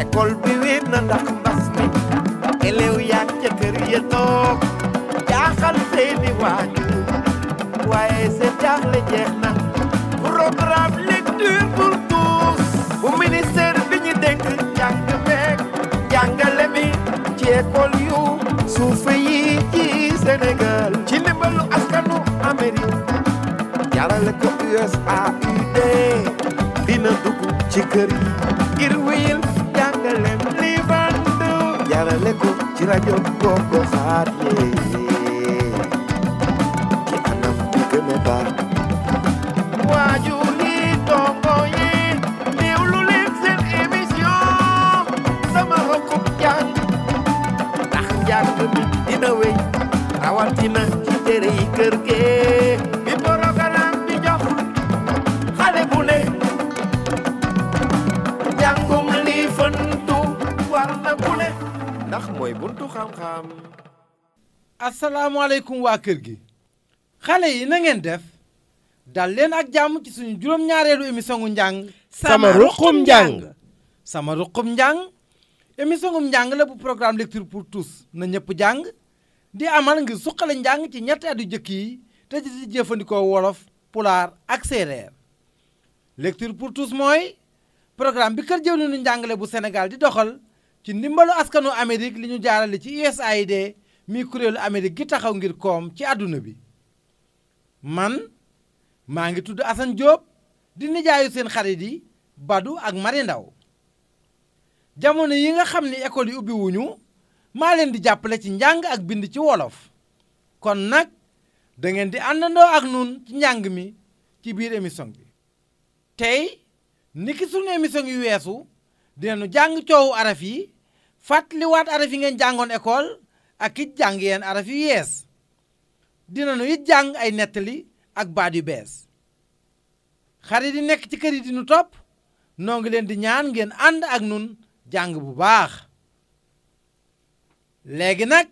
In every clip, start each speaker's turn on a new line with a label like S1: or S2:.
S1: école bi wéet na ndax mbas mi elew yaag ca kër ya jaaxal seeni waajur waaye seen jaaxle jeex na programme lecture pour tous bu ministère bi ñu dénk jàng meeg jàngale mi ci école yu suufe yi ci Sénégal ci ndimbalu askanu Amérique jarale ko USAID dina dugg ci kër yi ngir nga leen li bandu jaarale ko ci rajo Gogo xaat yee ci anam gën a baax waaju xam-xam.
S2: asalaamualeykum waa kër gi. xale yi na ngeen def. dal leen ak jàmm ci suñu juróom-ñaareelu émission njàng. sama ruqum njàng sama ruqum njàng. émission gu njàng la bu programme lecture pour tous na ñëpp jàng. di amal ngir suqale njàng ci ñetti at yu njëkk yi te di jëfandikoo wolof pulaar ak séeréer. lecture pour tous mooy programme bi kër jëwlinu njàngale bu Sénégal di doxal. ci ndimbalu askanu Amérique li ñu jaarale ci USAID mi kuréelu Amérique gi taxaw ngir koom ci àdduna bi man maa ngi tudd Assane Diop di nijaayu seen xarit yi Badou ak Mari jamono yi nga xam ni école yi ubbi maa leen di jàppale ci njàng ak bind ci wolof kon nag dangeen di àndandoo ak nun ci njàng mi ci biir émission bi tey niki sunu émission yu weesu dinañu jàng coowu araf yi fàttaliwaat araf yi ngeen jàngoon école ak i jàng yeen araf yu yees dinañu it jàng ay nettali ak baat yu bees xarit yi nekk ci kër yi di nu topp noo ngi leen di ñaan ngeen ànd ak nun jàng bu baax léegi nag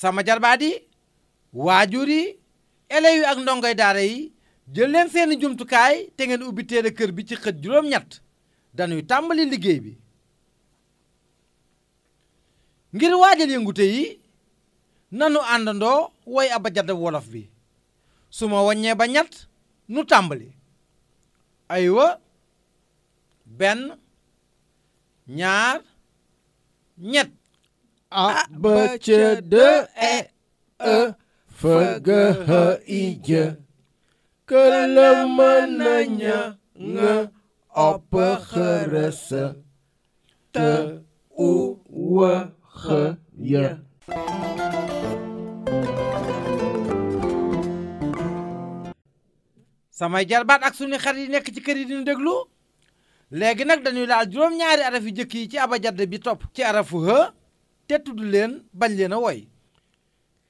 S2: sama jarbaadi yi waajur yi élèves ak ndongoy daara yi jël leen seeni jumtukaay te ngeen ubbi téere kër bi ci xët juróom-ñett dañuy tàmbali liggéey bi ngir waajal yëngute yi nanu àndandoo woy aba jadd wolof bi su ma waññee ba ñett nu tàmbali aywa benn ñaar ñett a b c d
S3: e e f g h i j k l m n 合一。
S2: samay jarbaat ak suñu xarit yi nekk ci kër yi di déglu léegi nag dañuy laal juróom-ñaari araf yu jëkk yi ci abajad bi topp ci arafu h te tudd leen bañ leen a woy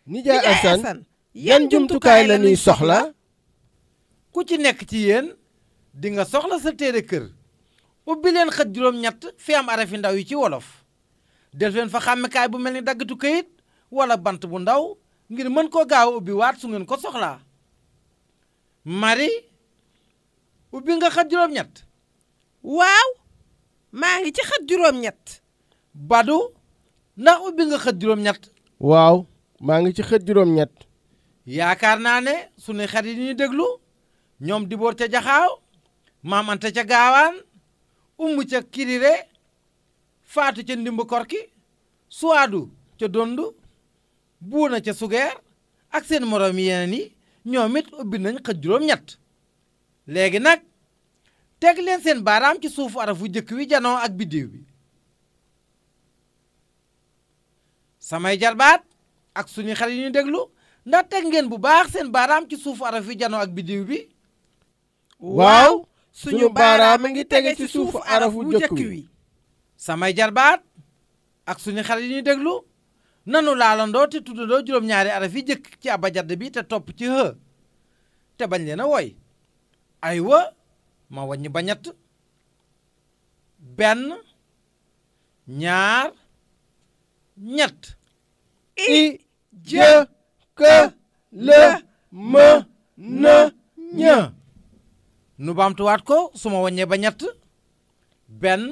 S2: nijaay Asan yan jumtukaay la soxla ku ci nekk ci yéen di nga soxla sa téere kër ubbi leen xët juróom-ñett fi am arafi ndaw yi ci wolof del fa xàmmekaay bu mel ni daggatu kayit wala bant bu ndaw ngir mën koo gaaw ubbi waat su ngeen ko soxlaa Marie ubbi nga waaw maa ngi ci xat ndax ubbi nga xët juróom-ñett
S3: waaw maa ngi ci xët juróom-ñett
S2: yaakaar naa ne sunu xat yi ñuy déglu ñoom diboor ca jaxaaw maam anta ca gaawaan umb ca kirire faatu ca ndimb korki suwaadu ca dond na ca sugeer ak seen moroom yeneen yi ñoom it ubbi nañ xët juróom-ñett léegi nag teg leen seen baaraam ci suufu arafu jëkk wi janoo ak biddiw bi samay jarbaat ak suñu xal yu ñu déglu ndax teg ngeen bu baax seen baaraam ci suufu araf wi janoo ak biddiw bi waaw suñu baaraam a ngi teg ci suufu arafu jëkk wi samay jarbaat ak suñu xale yi ñuy déglu nanu laalandoo te tuddandoo juróom-ñaari araf yi jëkk ci abajadd bi te topp ci hë te bañ leen a woy aywa ma wàññi ba ñett benn ñaar ñett i jë kë lë më nu baamtuwaat ko su ma waññee ba ñett benn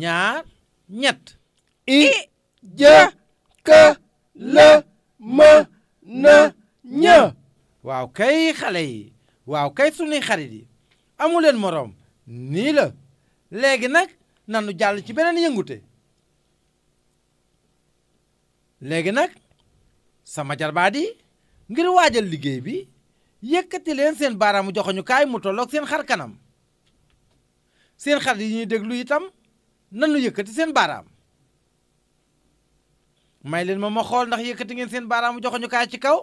S2: ñaar ñett i jë ka la ma na ña waaw kay xale yi waaw kay sunuy xarit yi amuleen moroom nii la léegi nag nanu jàll ci beneen yëngute léegi nag sama jarbaat ngir waajal liggéey bi yëkkati leen seen baaraamu joxoñukaay mu tolloog seen xar kanam seen xarit yi ñuy déglu itam nanu yëkkati seen baaraam may leen ma ma xool ndax yëkkati ngeen seen baaraamu joxoñu kaay ci kaw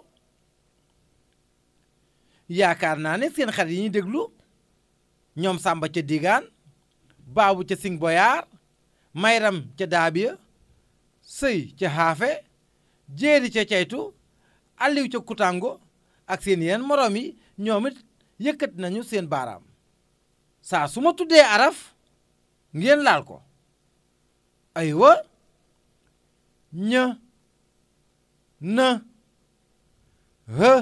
S2: yaakaar naa ne seen xarit yi ñuy déglu ñoom sàmba ca Digaan Baabu ca Sing Boyaar Mayram ca Daabiya Sëy ca Xaafe Jéeri ca Caytu Aliw ca Kutango ak seen yeneen moroom yi ñoom it yëkkati nañu seen baaraam saa su ma tuddee araf ngeen laal ko aywa ña na hë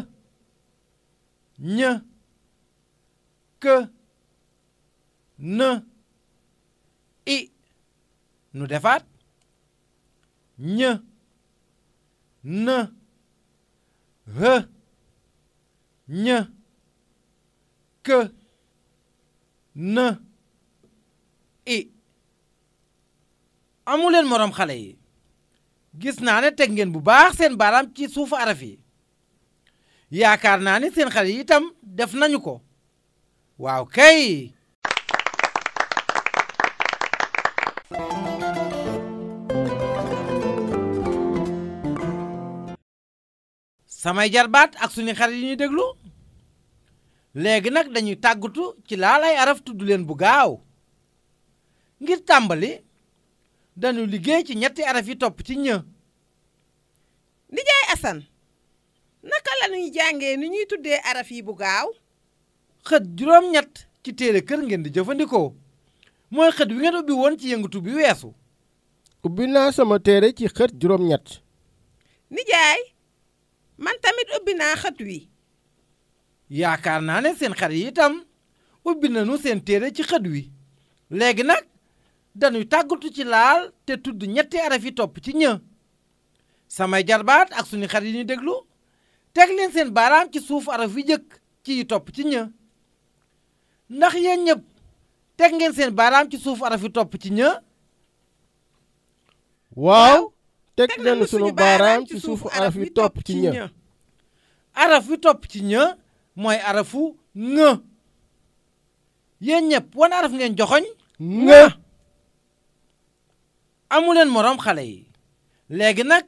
S2: ña kë na i nu defaat ña na hë ña kë na i amuleen moroom xale yi gis naa ne teg ngeen bu baax seen baaraam ci suufu araf yi yaakaar naa ni seen xale yi itam def nañu ko waaw kay samay jarbaat ak suñu xale yi ñuy déglu léegi nag dañuy tàggatu ci laal ay araf tudd leen bu gaaw ngir tàmbali
S4: dañu liggéey ci ñetti araf yi topp ci ñë nijaay Assane naka la ñuy jàngee ni ñuy tuddee araf yi bu gaaw
S3: xët juróom-ñett ci téere kër ngeen di jëfandikoo mooy xët wi ngeen ubbi woon ci yëngatu bi weesu ubbi naa sama téere ci xët juróom-ñett
S4: nijaay man tamit ubbi naa xët wi
S3: yaakaar naa ne seen
S2: xar yi itam ubbi nu seen téere ci xët wi léegi nag dañuy tàggatu ci laal te tudd ñetti araf yi topp ci ñë samay jarbaat ak suñu xarit yi ñu déglu teg leen seen baaraam ci suuf araf yi ci topp ci ñë ndax yéen ñëpp teg ngeen seen baaraam ci suuf araf yi topp ci ñë waaw teg leen sunu baaraam ci suufu araf yi topp ci ñë araf yi topp ci ñë mooy arafu ŋë yéen ñëpp wan araf ngeen joxoñ ŋë amuleen moroom xale yi léegi nag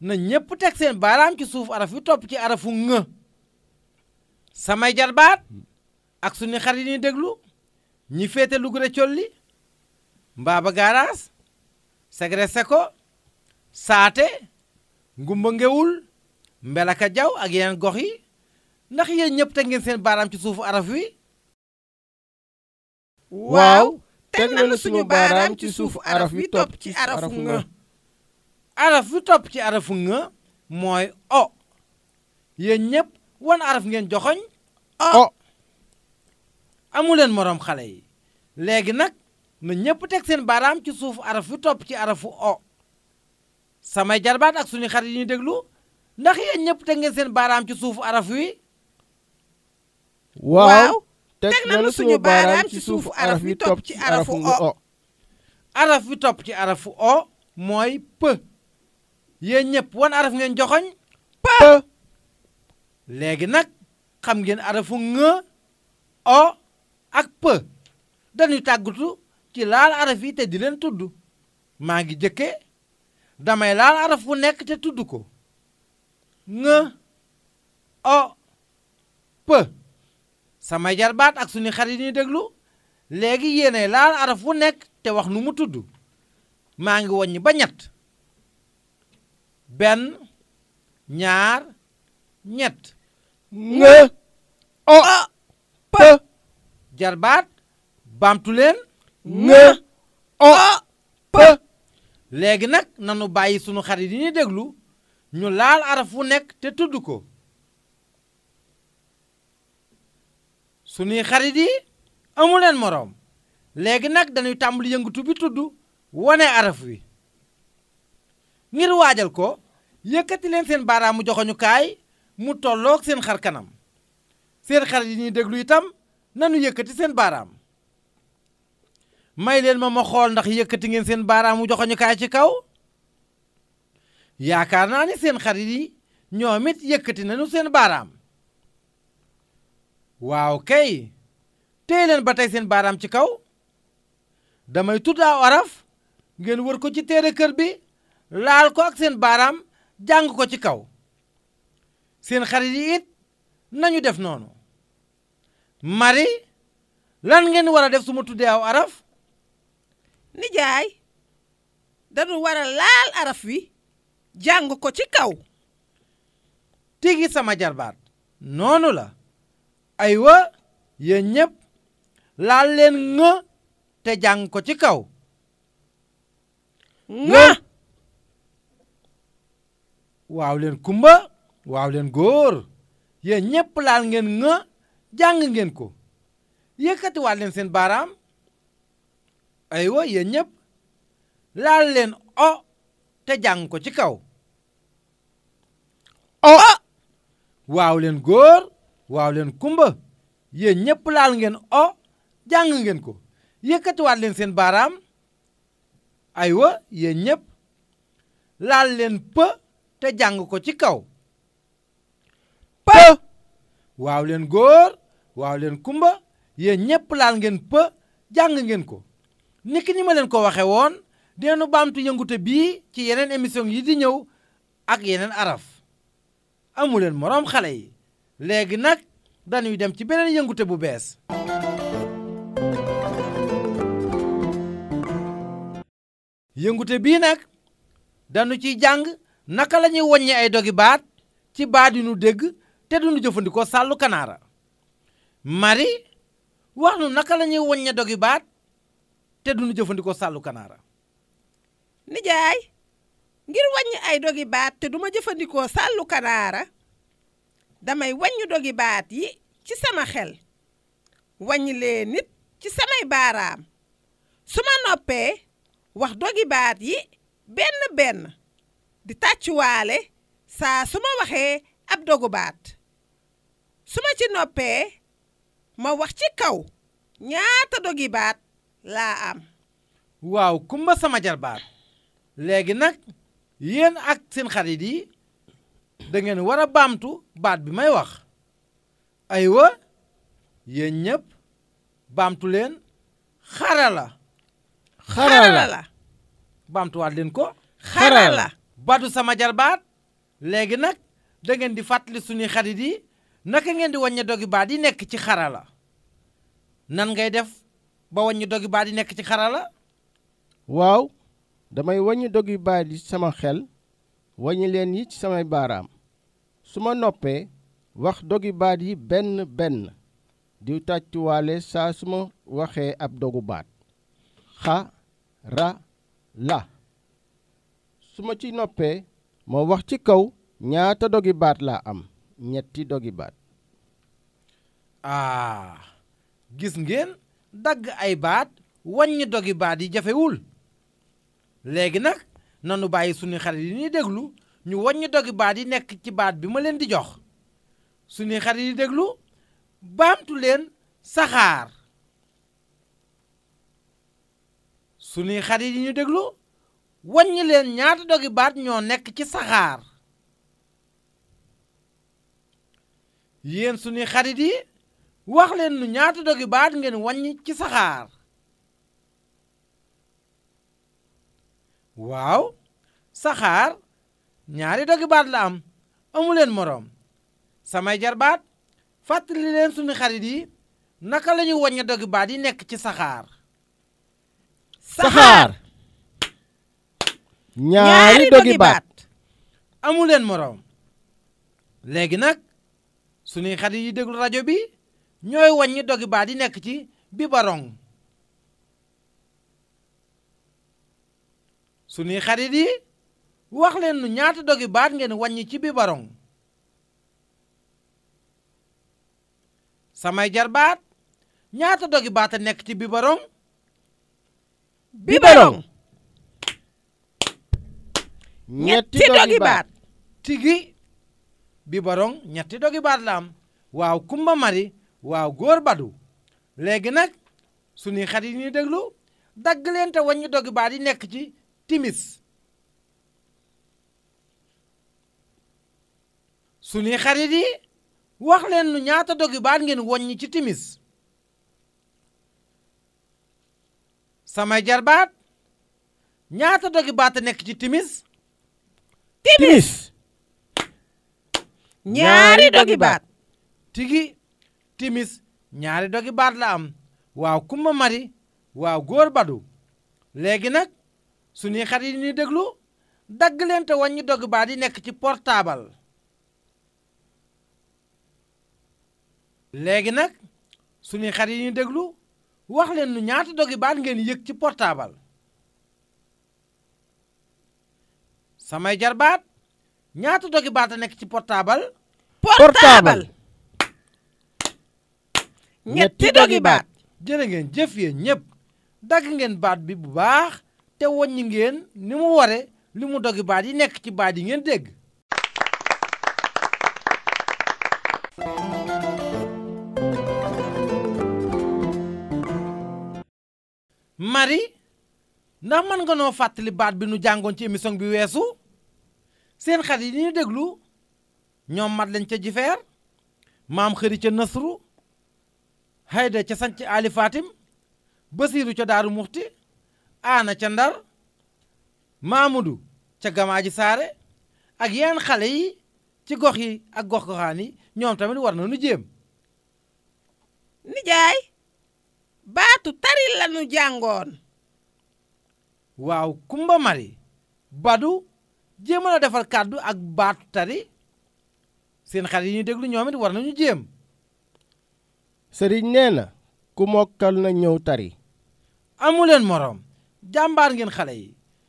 S2: na ñépp teg seen baaraam ci suufu araf yu topp ci arafu ŋ samay jarbaat ak suñu xarit yi ñuy déglu ñi féete lugure colli mbaaba gaaraas segre seko saate ngumba ngewul a jaw ak yeneen gox yi ndax yéen ñépp teg ngeen seen baaraam ci suufu araf wi waaw teg nañu suñu baaraam ci suufu araf wi topp ci arafu nga araf wi topp ci arafu nga mooy o yéen ñëpp wan araf ngeen joxoñ o amuleen moroom xale yi léegi nag na ñëpp teg seen baaraam ci suufu araf wi topp ci arafu o samay jarbaat ak suñu xarit yi ñu déglu ndax yéen ñëpp teg ngeen seen baaraam ci suufu araf wi
S3: waaw teg nañu suñu baaraam ci suufu araf bi topp ci arafu o
S2: araf bi topp ci arafu o mooy p yéen ñëpp wan araf ngeen joxoñ p léegi nag xam ngeen arafu ŋë o ak pë dañuy tàggatu ci laal araf yi te di leen tudd maa ngi jëkke damay laal araf wu nekk te tudd ko ŋë o p samay jarbaat ak suñu xarit yi ñuy déglu léegi yéene laal araf wu nekk te wax nu mu tudd maa ngi wàññi ba ñett benn ñaar ñett nga o jarbaat baamtu leen nga o léegi nag nanu bàyyi sunu xarit yi ñuy déglu ñu laal araf wu nekk te tudd ko suñuy xarit yi amuleen moroom léegi nag dañuy tàmbali yëngatu bi tudd wane araf wi ngir waajal ko yëkkati leen seen mu joxoñukaay mu tolloog seen xar kanam seen xarit yi ñuy déglu itam nanu yëkkati seen baaraam may leen ma ma xool ndax yëkkati ngeen seen baaraamu joxoñukaay ci kaw yaakaar naa ni seen xarit yi ñoom it yëkkati nañu seen baaraam waaw kay tey ba tey seen baaraam ci kaw damay tudd aw araf ngeen wër ko ci téere kër bi laal ko ak seen baaraam jàng ko ci kaw seen xarit yi it nañu def noonu
S4: mari lan ngeen war a def su ma tuddee aw araf nijaay dañu war a laal araf wi jàng ko ci kaw tigi sama jarbaat noonu la aywa
S2: yéen ñëpp laal leen ŋa te jàng ko ci kaw ŋa waaw leen kumba waaw leen góor yéen ñëpp laal ngeen ŋa jàng ngeen ko yëkkatiwaat leen seen baaraam aywa yéen ñëpp laal leen o te jàng ko ci kaw o waaw leen góor waaw leen kumba yéen ñëpp laal ngeen o jàng ngeen ko yëkkatiwaat leen seen baaraam ay aywa yéen ñépp laal leen p te jàng ko ci kaw p waaw leen góor waaw leen kumba yéen ñëpp laal ngeen p jàng ngeen ko niki ni ma leen ko waxe woon deenu baamtu yëngute bii ci yeneen émission yi di ñëw ak yeneen araf amu leen moroom xale yi léegi nag dañuy dem ci beneen yëngute bu bees yëngute bii nag dañu ciy jàng naka la ñuy woññi ay dogi baat ci baat yu nu dégg te duñu jëfandikoo sàllu kanaara Marie wax nu naka la ñuy woññe dogi baat te duñu jëfandikoo sàllu kanaara
S4: nijaay ngir wàññi ay dogi te duma jëfandikoo sàllu kanaara damay wàññi dogi baat yi ci sama xel wàññi lee nit ci samay baaraam su ma noppee wax dogibaat yi benn benn di tàccuwaale saa su ma waxee ab dogubaat baat su ma ci noppee ma wax ci kaw ñaata dogibaat laa am waaw
S2: kumba sama jarbaat léegi nag yéen ak seen xarit yi dangeen war a baamtu baat bi may wax aywa yéen ñëpp baamtu leen xarala. xarala baamtuwaat leen ko. xarala badu sama jarbaat léegi nag da ngeen di fàttali suñuy xarit yi naka ngeen di wàññi dogi baat di nekk ci xarala nan ngay def ba wàññi dogi baat di nekk ci xarala.
S3: waaw damay wàññi dogi baat yi sama xel wàññi leen yi ci samay baaraam. su ma noppee wax dogi baat yi benn benn di tàccuwaale saa su ma waxee ab dogu baat xa ra la su ma ci noppee ma wax ci kaw ñaata dogi baat laa am ñetti dogi baat aa gis ngeen dagg ay baat wàññi dogi yi jafewul
S2: léegi nag nanu bàyyi sunu xel yi ñuy déglu ñu waññi dogi baat yi nekk ci baat bi ma leen di jox suñuy xarit yi déglu baamtu leen saxaar suñuy xarit yi ñu déglu waññi leen ñaata dogi baat ñoo nekk ci saxaar yéen suñuy xarit yi wax leen nu ñaata baat ngeen waññi ci saxaar waaw saxaar ñaari dogi baat la am amu leen moroom samay jarbaat fàttali leen sunu xarit yi naka lañuy ñu wàññi baat yi nekk ci saxaar.
S3: saxaar ñaari dogi baat
S2: amu leen moroom léegi nag sunuy xarit yi déglu rajo bi ñooy wàññi dogi baat yi nekk ci bibarong sunuy xarit yi. wax leen nu ñaata dogi baat ngeen wàññi ci biberon samay jarbaat ñaata dogi baat a nekk ci biberon biberon ñetti dogi baat tigi biberon ñetti dogi baat waaw kumba mari waaw góor badu léegi nag sunuy xat yi ñuy déglu dagg leen te wàññi dogi yi nekk ci timis suñuy xarit yi wax leen lu ñaata dog baat ngeen woññi ci timis samay jarbaat ñaata dogi baat a nekk ci timis timis ñaari dogi baat timis ñaari dogi la am waaw kumba mari waaw góor badu léegi nag suñuy xarit yi ñuy déglu dagg leen te wàññi dogi baat yi nekk ci portaabal léegi nag suñuy xarit yi ñu déglu wax leen nu ñaata dogi baat ngeen yëg ci portaabal samay jarbaat ñaata dogi baat a nekk ci portaabal portaabal ñetti dogi baat jërë ngeen jëf yee ñépp dagg ngeen baat bi bu baax te woññi ngeen ni mu ware li mu dogi baat yi nekk ci baat yi ngeen dégg mari ndax mën nga noo fàttali baat bi nu jàngoon ci émission bi weesu seen xat yi ñu déglu ñoom mat lañ ca jifeer maam xëri ca nasru hayda ca sanc ali fatim basiiru ca daaru muxti aana ca ndar maamudu ca gamaaji saare ak yenn xale yi ci gox yi ak gox goxaan yi ñoom tamit war na nu jéem baatu
S4: tari lanu jàngoon waaw kumba
S2: mari badu jéemal a defar kàddu ak baatu tari
S3: seen xel yi ñu déglu ñoom it war nañu jéem sëriñ nee na ku mokkal na ñëw tari amuleen moroom jàmbaar
S2: ngeen xale yi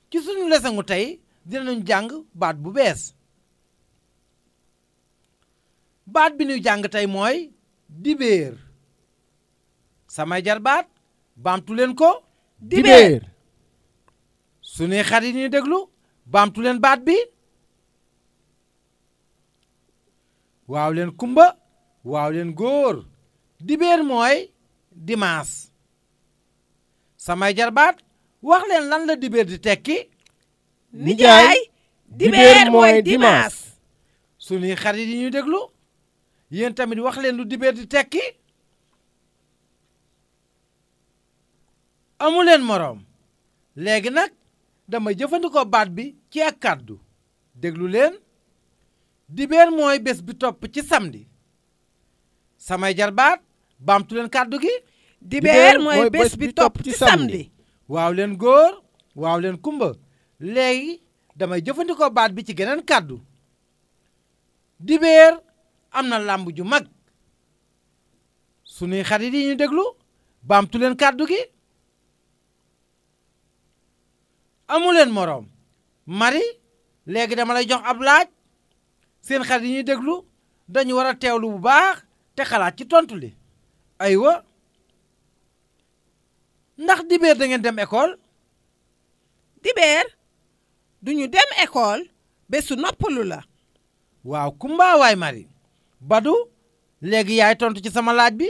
S2: ci suñu lesengu tey dinañu jàng baat bu bees baat bi ñuy jàng tey mooy dibéer samay jarbaat baamtu leen ko. dibeer sunuy xarit ñuy déglu baamtu leen baat bi. waaw leen kumba waaw leen góor dibeer mooy dimaas samay jarbaat wax leen lan la dibeer di tekki. nijaay
S4: dibeer mooy dimaas
S2: sunuy xarit yi ñuy déglu yéen tamit wax leen lu dibeer di tekki. amuleen moroom léegi nag damay jëfandikoo baat bi ci ak kàddu déglu leen dibeer mooy bés bi topp ci samedi samay jarbaat baamtu leen kàddu gi dibeer mooy bés bi topp ci samedi waaw leen góor waaw leen kumba léegi damay jëfandikoo baat bi ci geneen kàddu dibeer am na làmb ju mag sunuy xarit yi ñu déglu baamtu leen kàddu gi amuleen moroom mari léegi dama lay jox ab laaj seen xel yi ñuy déglu dañu war a teewlu bu baax te xalaat ci tontu li
S4: aywa ndax dibeer da ngeen dem école dibeer duñu dem école bésu noppalu la
S2: waaw kumba mari badu léegi yaay tontu ci sama laaj bi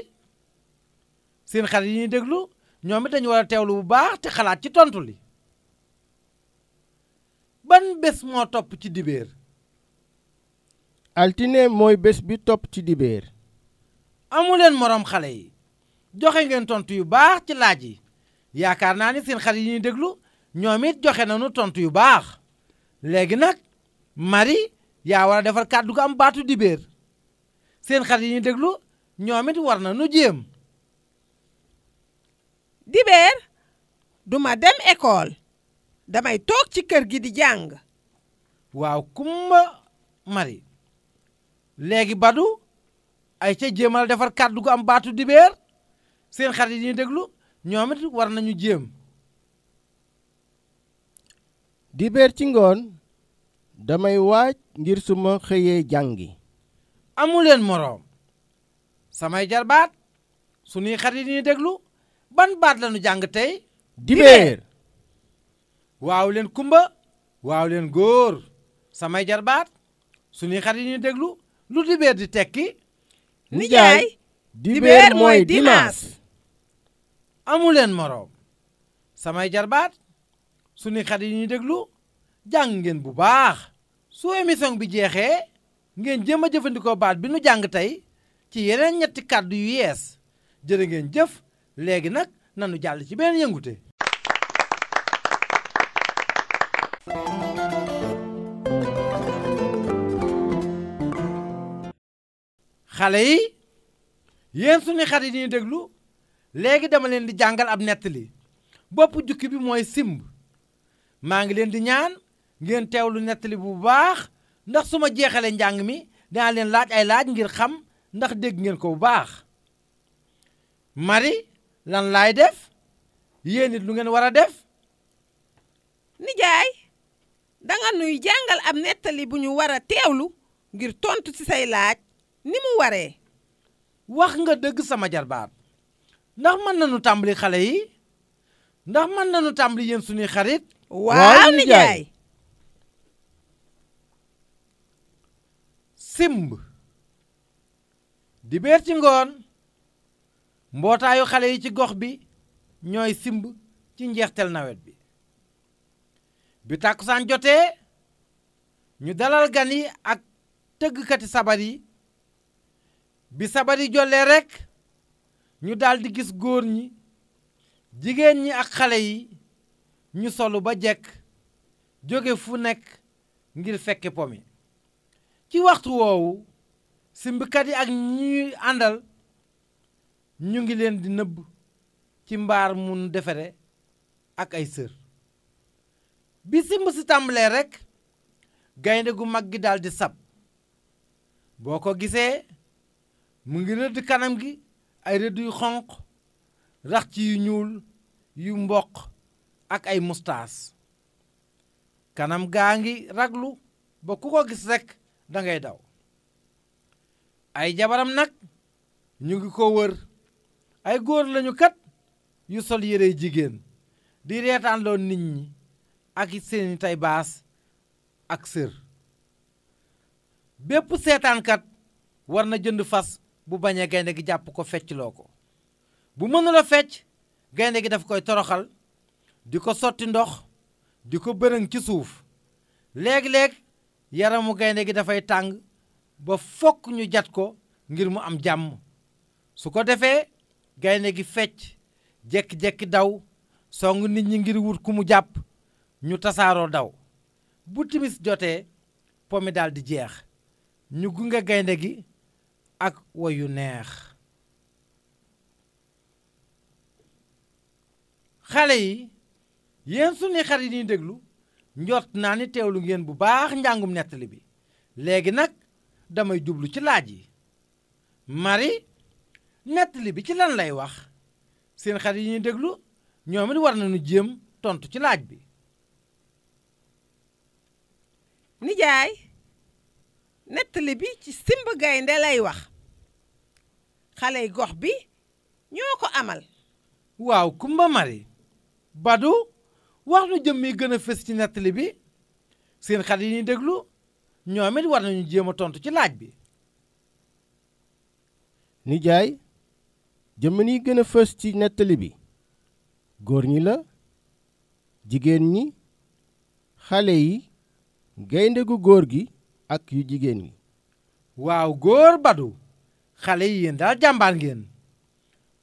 S2: seen xel yi ñuy déglu ñoom it dañu war a teewlu bu baax te xalaat ci tontu li
S3: ban bés moo topp ci dibéer altine mooy bés bi topp ci dibéer
S2: amuleen moroom xale yi joxe ngeen tontu yu baax ci laaj yi yaakaar naa ni seen xarit yi ñuy déglu ñoom it joxe nañu tontu yu baax léegi nag mari yaa war a defar kàddu gu am baatu dibéer seen xarit yi ñu déglu ñoom it war na nu jéem
S4: dibéer duma dem école damay toog ci kër gi di jàng waaw kumba mari
S2: léegi badu ay ca jéemal defar kàddu gu am baatu dibeer seen
S3: xarit yi ñuy déglu ñoom war nañu jéem dibeer ci ngoon damay waaj ngir suma xëyee jàngi amuleen moroom samay jarbaat
S2: sunuy xarit yi ñuy déglu ban baat lañu jàng tey dibeer waaw leen kumba waaw leen góor samay jarbaat suñuy xarit yi ñu déglu lu dibeer di tekki nijaay
S4: dibeer mooy
S2: dimaas amu leen moroom samay jarbaat suñuy xat yi ñu déglu jàng ngeen bu baax su émission bi jeexee ngeen jéem a jëfandikoo baat bi nu jàng tey ci yeneen ñetti kàddu yu yees jërë ngeen jëf léegi nag nanu jàll ci beneen yëngute xale yi yéen suñu xarit yi ñuy déglu léegi dama leen di jàngal ab nettali boppu jukki bi mooy simb maa ngi leen di ñaan ngeen teew lu nettali bu baax ndax su ma jeexalee njàng mi dinaa leen laaj ay laaj ngir xam ndax dégg ngeen ko bu baax mari lan laay def yéen it lu ngeen war a def
S4: nijaay danga nuy jàngal ab nettali bu ñu war a teewlu ngir tontu ci say laaj ni mu waree wax nga dëgg sama jarbaat
S2: ndax mën nañu tàmbali xale yi ndax mën nañu tàmbali yéen suñuy xarit waaw nijaay simb di ci ngoon mbootaayu xale yi ci gox bi ñooy simb ci njeextel nawet bi bi tàkkusaan jotee ñu dalal gan yi ak tëggkati sabar yi bi sabar yi jollee rek ñu daldi gis góor ñi jigéen ñi ak xale yi ñu solu ba jekk jóge fu nekk ngir fekke po mi ci waxtu woowu simbkat yi ak ñuy àndal ñu ngi leen di nëbb ci mbaar mu defare ak ay sër bi simb si tàmbalee rekk gaynde gu mag gi daldi sab boo ko gisee mu ngi rëdd kanam gi ay rëdd yu xonq rax ci yu ñuul yu mboq ak ay mustaas kanam gaa ngi raglu ba ku ko gis rekk dangay daw ay jabaram nag ñu ngi ko wër ay góor lañu kat yu sol yére jigéen di reetaanloo nit ñi ak seeni taybaas baas ak sër bépp seetaankat war na jënd fas bu bañee gaynde gi jàpp ko fecc ko bu mënula fecc gaynde gi daf koy toroxal di ko sotti ndox di ko bërëng ci suuf léeg-léeg yaramu gaynde gi dafay tàng ba fokk ñu jat ko ngir mu am jàmm su ko defee gaynde gi fecc jekki-jekki daw song nit ñi ngir wut ku mu jàpp ñu tasaaroo daw bu timis jotee po mi daal di jeex ñu gunge gaynde gi ak wayu neex xale yi yéen suñuy xar yi déglu njot naa ni teewlu ngeen bu baax njàngum nettali bi léegi nag damay jublu ci laaj yi Marie nettali bi ci lan lay wax seen xarit yi ñuy déglu ñoom it war nañu jéem tontu ci laaj bi
S4: nijaay nettali bi ci simb gaynde lay wax xaley gox bi ñoo ko amal waaw Kumba Mari Badu wax nu
S2: jëm mi gën a fës ci nettali bi seen xat yi ñuy déglu ñoom it war nañu jéem a tontu ci laaj bi
S3: nijaay jëmm yi gën a fës ci nettali bi góor ñi la jigéen ñi xale yi gaynde gu góor gi ak yu jigéen ñi waaw góor Badu xale yi yéen daal jàmbaar ngeen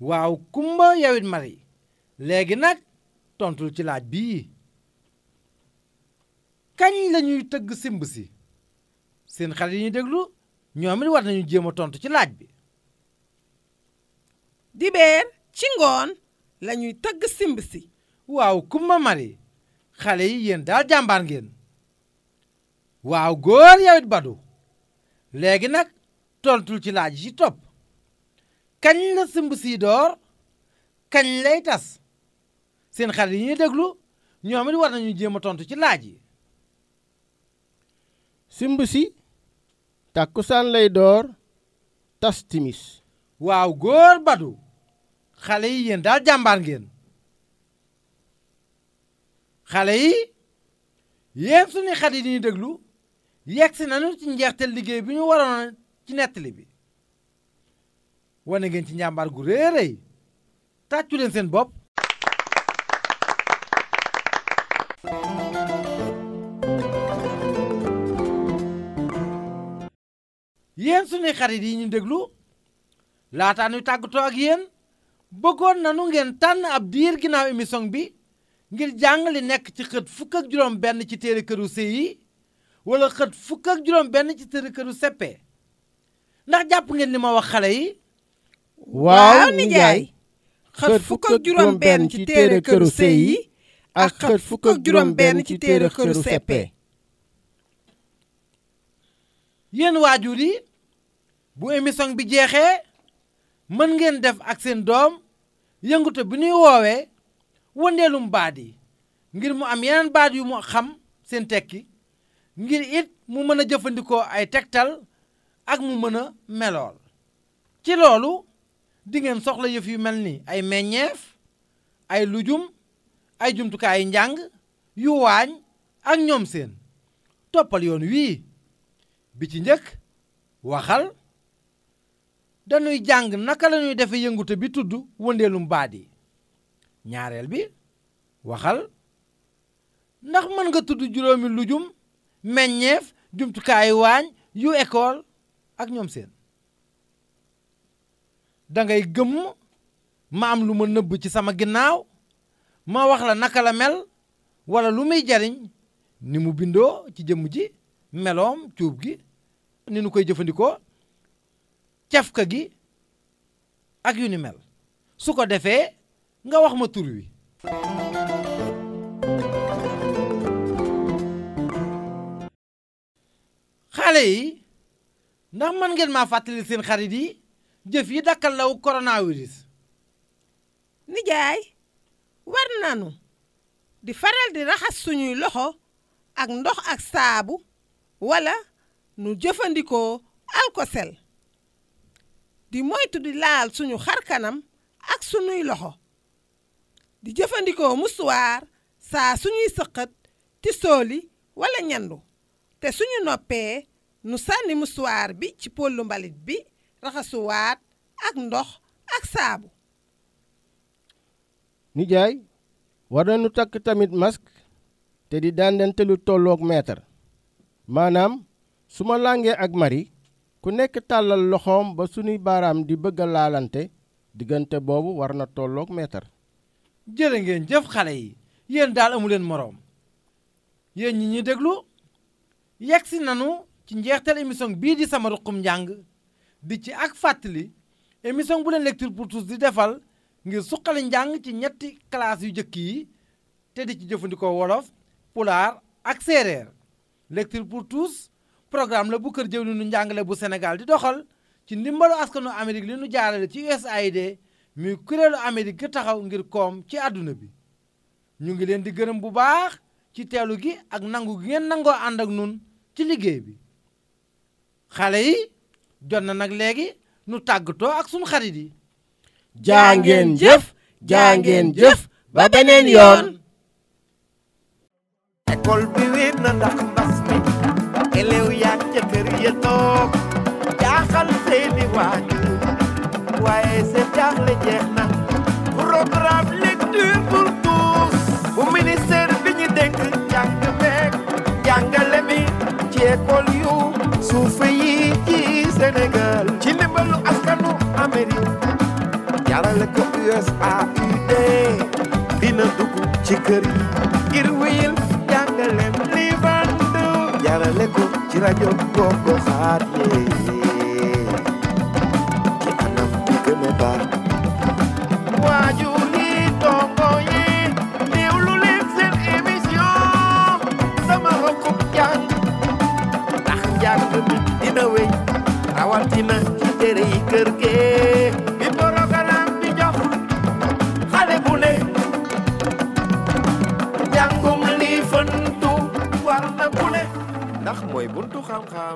S2: waaw kumba yawit mari léegi nag tontul ci laaj bii kañ lañuy tëgg simbsi seen xale yi ñu déglu ñoom it war nañu jéem a tontu ci laaj bi dibeer ci ngoon lañuy tëgg simbsi waaw kumba mari xale yi yéen daal jàmbaar ngeen waaw góor yawit badu léegi nag tontul ci laaj yi topp kañ la sëmb sii door kañ lay tas seen xarit yi ñuy déglu ñoom it war nañu jéem a tontu ci laaj yi
S3: simb si tàkkusaan lay door tas timis waaw góor badu xale yi yéen daal jàmbaar ngeen xale
S2: yi yéen sunuy xarit yi ñuy déglu yegg si nañu ci njeexte liggéey bi ñu waroon ci nettali bi wane ngeen ci njàmbaar gu réeréy tàccu leen seen bopp yéen sunuy xarit yi ñu déglu laataa ñuy tàggatoo ak yéen bëggoon na nu ngeen tànn ab diir ginnaaw émission bi ngir jàng li nekk ci xët fukk ak juróom benn ci téere këru CI wala xët fukk ak juróom benn ci téere këru CP ndax jàpp ngeen ni ma wax xale yi.
S3: waaw nijaay xët fukk ak juróom benn ci téere këru sëy yi ak xët fukk ak juróom benn ci téere
S2: waajur yi bu émission bi jeexee mën ngeen def ak seen doom yënguto bi ñuy woowee wëndeelum baat yi ngir mu am yeneen baat yu mu xam seen tekki ngir it mu mën a jëfandikoo ay tegtal ak mu mën a melool ci loolu di soxla yëf yu mel ni ay meññeef ay lujum ay jumtukaayu njàng yu waañ ak ñoom seen toppal yoon wii bi ci njëkk waxal dañuy jàng naka lañuy defe yëngute bi tudd wëndeelum baat yi ñaareel bi waxal ndax mën nga tudd juróomi lujum meññeef jumtukaayu waañ yu école ak ñoom seen da ngay gëmm ma am lu ma nëbb ci sama ginnaaw ma wax la naka la mel wala lu muy jariñ ni mu bindoo ci jëmm ji meloom cuub gi ni nu koy jëfandikoo cafka gi ak yu ni mel su ko defee nga wax ma tur wi xale yi ndax mën ngeen ma fàttali seen xarit yi jëf yi dakkal law coronavirus.
S4: nijaay war nanu di faral di raxas suñuy loxo ak ndox ak saabu wala nu jëfandikoo alkosel di moytu di laal suñu xar kanam ak suñuy loxo di jëfandikoo musuwaar saa suñuy sëqat ti sooli walla ñandu te suñu noppee nu sànni bi ci pollu mbalit bi raxasuwaat ndox saabu
S3: nijaay war nañu takk tamit mask te di dandante tollook meetar maanaam su ma làngee ak mari ku nekk tàllal loxoom ba sunuy baaraam di bëgga laalante diggante boobu war na tollook meetar jërë ngeen jëf xale yi yéen daal amuleen moroom
S2: yéen ñi ñuy déglu yegsi nanu ci njeexteel émission bii di sama ruqum njàng di ci ak fàttali émission bu leen lecture pour di defal ngir suqali njàng ci ñetti classe yu njëkk yi te di ci jëfandikoo wolof pulaar ak séeréer lecture pour tous programme la bu kër jëw li nu njàngale bu Sénégal di doxal ci ndimbalu askanu Amérique li nu jaarale ci USAID muy kuréelu Amérique gi taxaw ngir koom ci àdduna bi ñu ngi leen di gërëm bu baax ci teelu gi ak nangu gi ngeen nangoo ànd ak nun ci liggéey bi xale yi jot na nag léegi nu tàggatoo ak sunu yi.
S3: jaa ngeen jëf jaa ngeen jëf ba beneen yoon. école bi wéet na ndax mbas mi élèves yaa ca kër
S1: jaaxal seeni waajur waaye seen jaaxle jeex na. ci kër gi irwil jàngaleem li bandu jarale ko ci rajo gogo xaat yi ci anam bi gën a baax waajur yi dongo yi déglu leen seen émission sama rokkub jàng ndax njàng bi dina wéy rawatina ci tere kër gi
S3: ามขา